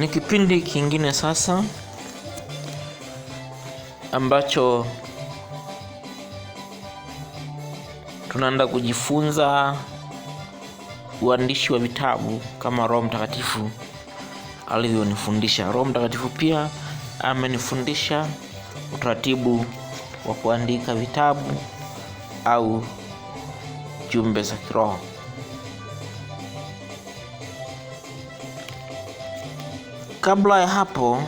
Ni kipindi kingine sasa ambacho tunaenda kujifunza uandishi wa vitabu kama Roho Mtakatifu alivyonifundisha. Roho Mtakatifu pia amenifundisha utaratibu wa kuandika vitabu au jumbe za kiroho. Kabla ya hapo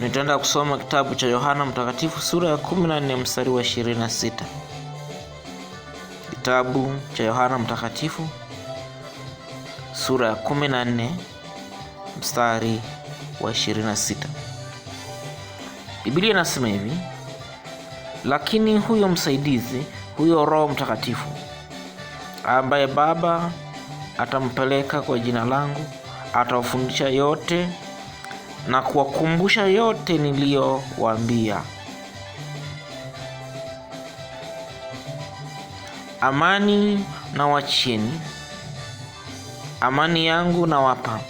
nitaenda kusoma kitabu cha Yohana Mtakatifu sura ya 14 mstari wa 26. Kitabu cha Yohana Mtakatifu sura ya 14 mstari wa 26. Biblia inasema hivi: lakini huyo msaidizi, huyo Roho Mtakatifu ambaye Baba atampeleka kwa jina langu, atawafundisha yote na kuwakumbusha yote niliyowaambia. Amani na wachieni, amani yangu nawapa,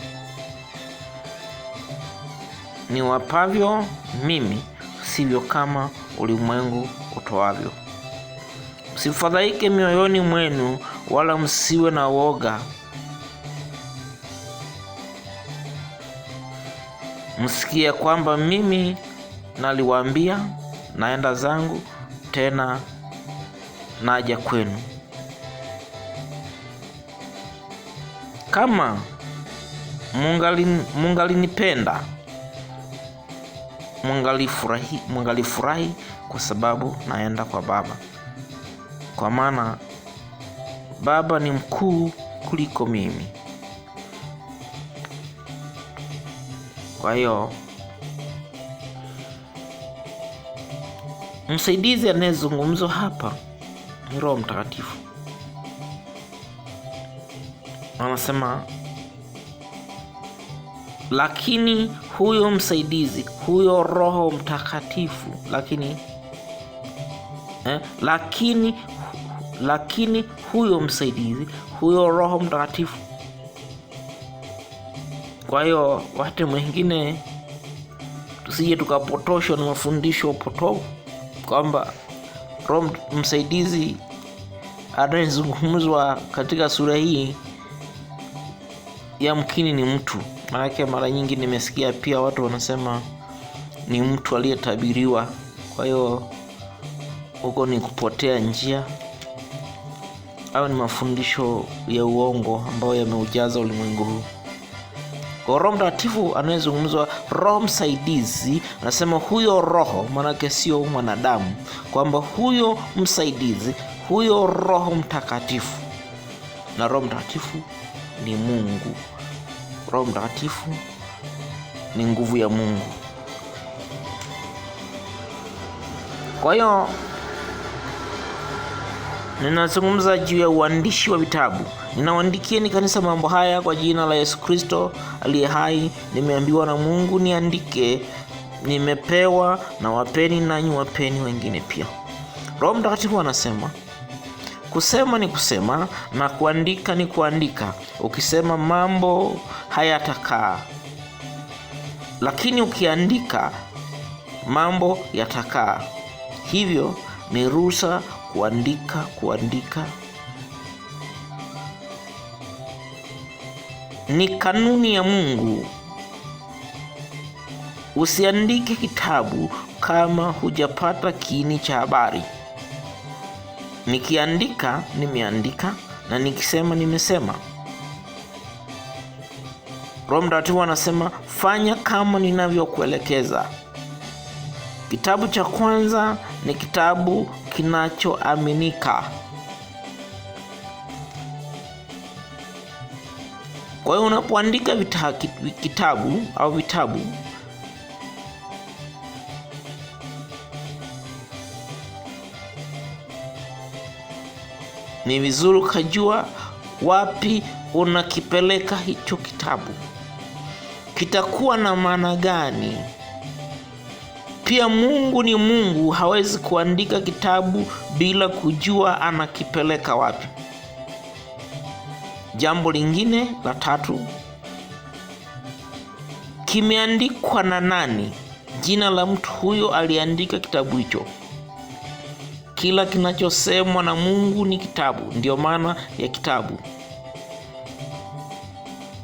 wapavyo mimi, sivyo kama ulimwengu utoavyo. Msifadhaike mioyoni mwenu, wala msiwe na woga. msikie kwamba mimi naliwaambia naenda zangu tena naja kwenu. Kama mungalinipenda mungalifurahi, mungali kwa sababu naenda kwa Baba, kwa maana Baba ni mkuu kuliko mimi. Kwa hiyo msaidizi anayezungumzwa hapa ni Roho Mtakatifu. Anasema, lakini huyo msaidizi, huyo Roho Mtakatifu, lakini eh, lakini lakini huyo msaidizi, huyo Roho Mtakatifu kwa hiyo wakati mwingine tusije tukapotoshwa na mafundisho potovu kwamba Roho msaidizi anayezungumzwa katika sura hii yamkini ni mtu, maanake mara nyingi nimesikia pia watu wanasema ni mtu aliyetabiriwa. Kwa hiyo huko ni kupotea njia au ni mafundisho ya uongo ambayo yameujaza ulimwengu huu. Kwa Roho Mtakatifu anayezungumzwa, Roho msaidizi, anasema huyo Roho maanake sio mwanadamu, kwamba huyo msaidizi, huyo Roho Mtakatifu, na Roho Mtakatifu ni Mungu. Roho Mtakatifu ni nguvu ya Mungu. Kwa hiyo Ninazungumza juu ya uandishi wa vitabu. Ninawaandikieni kanisa mambo haya kwa jina la Yesu Kristo aliye hai. Nimeambiwa na Mungu niandike, nimepewa na wapeni, nanyi wapeni wengine pia. Roho Mtakatifu anasema kusema ni kusema na kuandika ni kuandika. Ukisema mambo hayatakaa, lakini ukiandika mambo yatakaa. Hivyo ni ruhusa kuandika kuandika. Ni kanuni ya Mungu. Usiandike kitabu kama hujapata kiini cha habari. Nikiandika nimeandika, na nikisema nimesema. Roho Mtakatifu anasema fanya kama ninavyokuelekeza. Kitabu cha kwanza ni kitabu kinachoaminika. Kwa hiyo unapoandika kitabu au vitabu ni vizuri ukajua wapi unakipeleka hicho kitabu, kitakuwa na maana gani? Pia Mungu ni Mungu, hawezi kuandika kitabu bila kujua anakipeleka wapi. Jambo lingine la tatu, kimeandikwa na nani? Jina la mtu huyo aliandika kitabu hicho. Kila kinachosemwa na Mungu ni kitabu, ndiyo maana ya kitabu.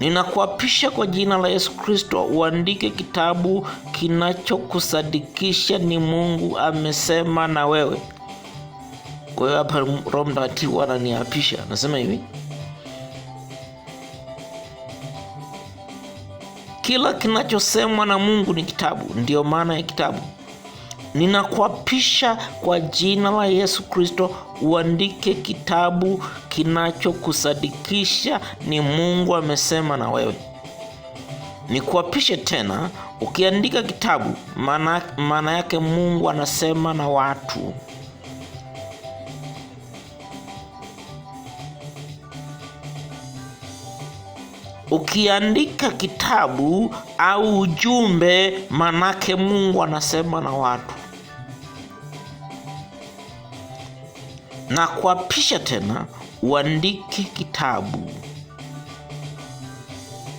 Ninakuapisha kwa jina la Yesu Kristo, uandike kitabu kinachokusadikisha ni Mungu amesema na wewe. Kwa hiyo hapa Roho Mtakatifu ananiapisha, anasema hivi kila kinachosemwa na Mungu ni kitabu, ndiyo maana ya kitabu. Ninakuapisha kwa jina la Yesu Kristo, uandike kitabu kinachokusadikisha ni Mungu amesema na wewe. Nikuapishe tena, ukiandika kitabu, maana yake Mungu anasema na watu. ukiandika kitabu au ujumbe, manake Mungu anasema na watu. Na kuapisha tena, uandike kitabu.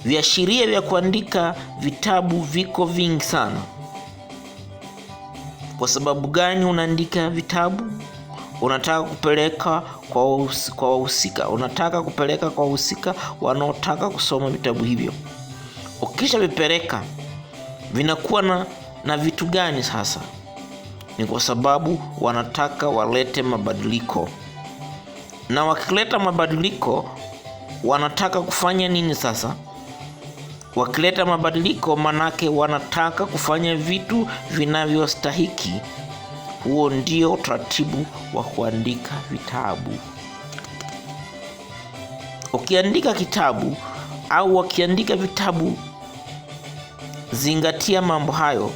Viashiria vya kuandika vitabu viko vingi sana. Kwa sababu gani unaandika vitabu? unataka kupeleka kwa wahusika, unataka kupeleka kwa wahusika wanaotaka kusoma vitabu hivyo. Ukisha vipeleka vinakuwa na, na vitu gani sasa? Ni kwa sababu wanataka walete mabadiliko, na wakileta mabadiliko wanataka kufanya nini sasa? Wakileta mabadiliko, manake wanataka kufanya vitu vinavyostahiki huo ndio utaratibu wa kuandika vitabu. Ukiandika kitabu au wakiandika vitabu, zingatia mambo hayo.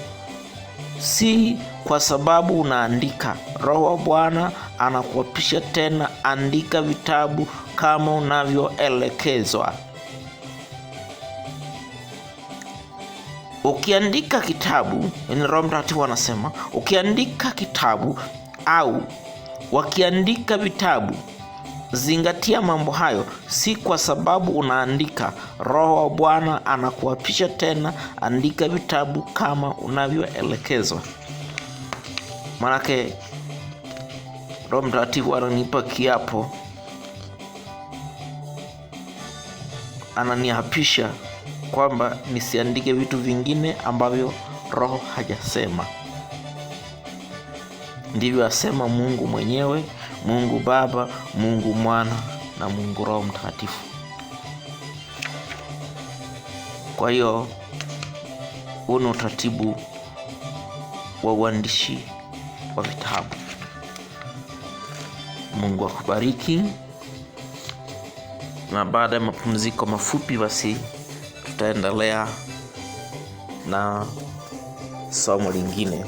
Si kwa sababu unaandika, Roho wa Bwana anakuapisha tena. Andika vitabu kama unavyoelekezwa. ukiandika kitabu, Roho Mtakatifu anasema ukiandika kitabu au wakiandika vitabu, zingatia mambo hayo, si kwa sababu unaandika. Roho wa Bwana anakuapisha tena, andika vitabu kama unavyoelekezwa. Manake Roho Mtakatifu ananipa kiapo, ananiapisha kwamba nisiandike vitu vingine ambavyo Roho hajasema. Ndivyo asema Mungu mwenyewe, Mungu Baba, Mungu Mwana na Mungu Roho Mtakatifu. Kwa hiyo huu ni utaratibu wa uandishi wa vitabu. Mungu akubariki. Na baada ya mapumziko mafupi basi tutaendelea na somo lingine.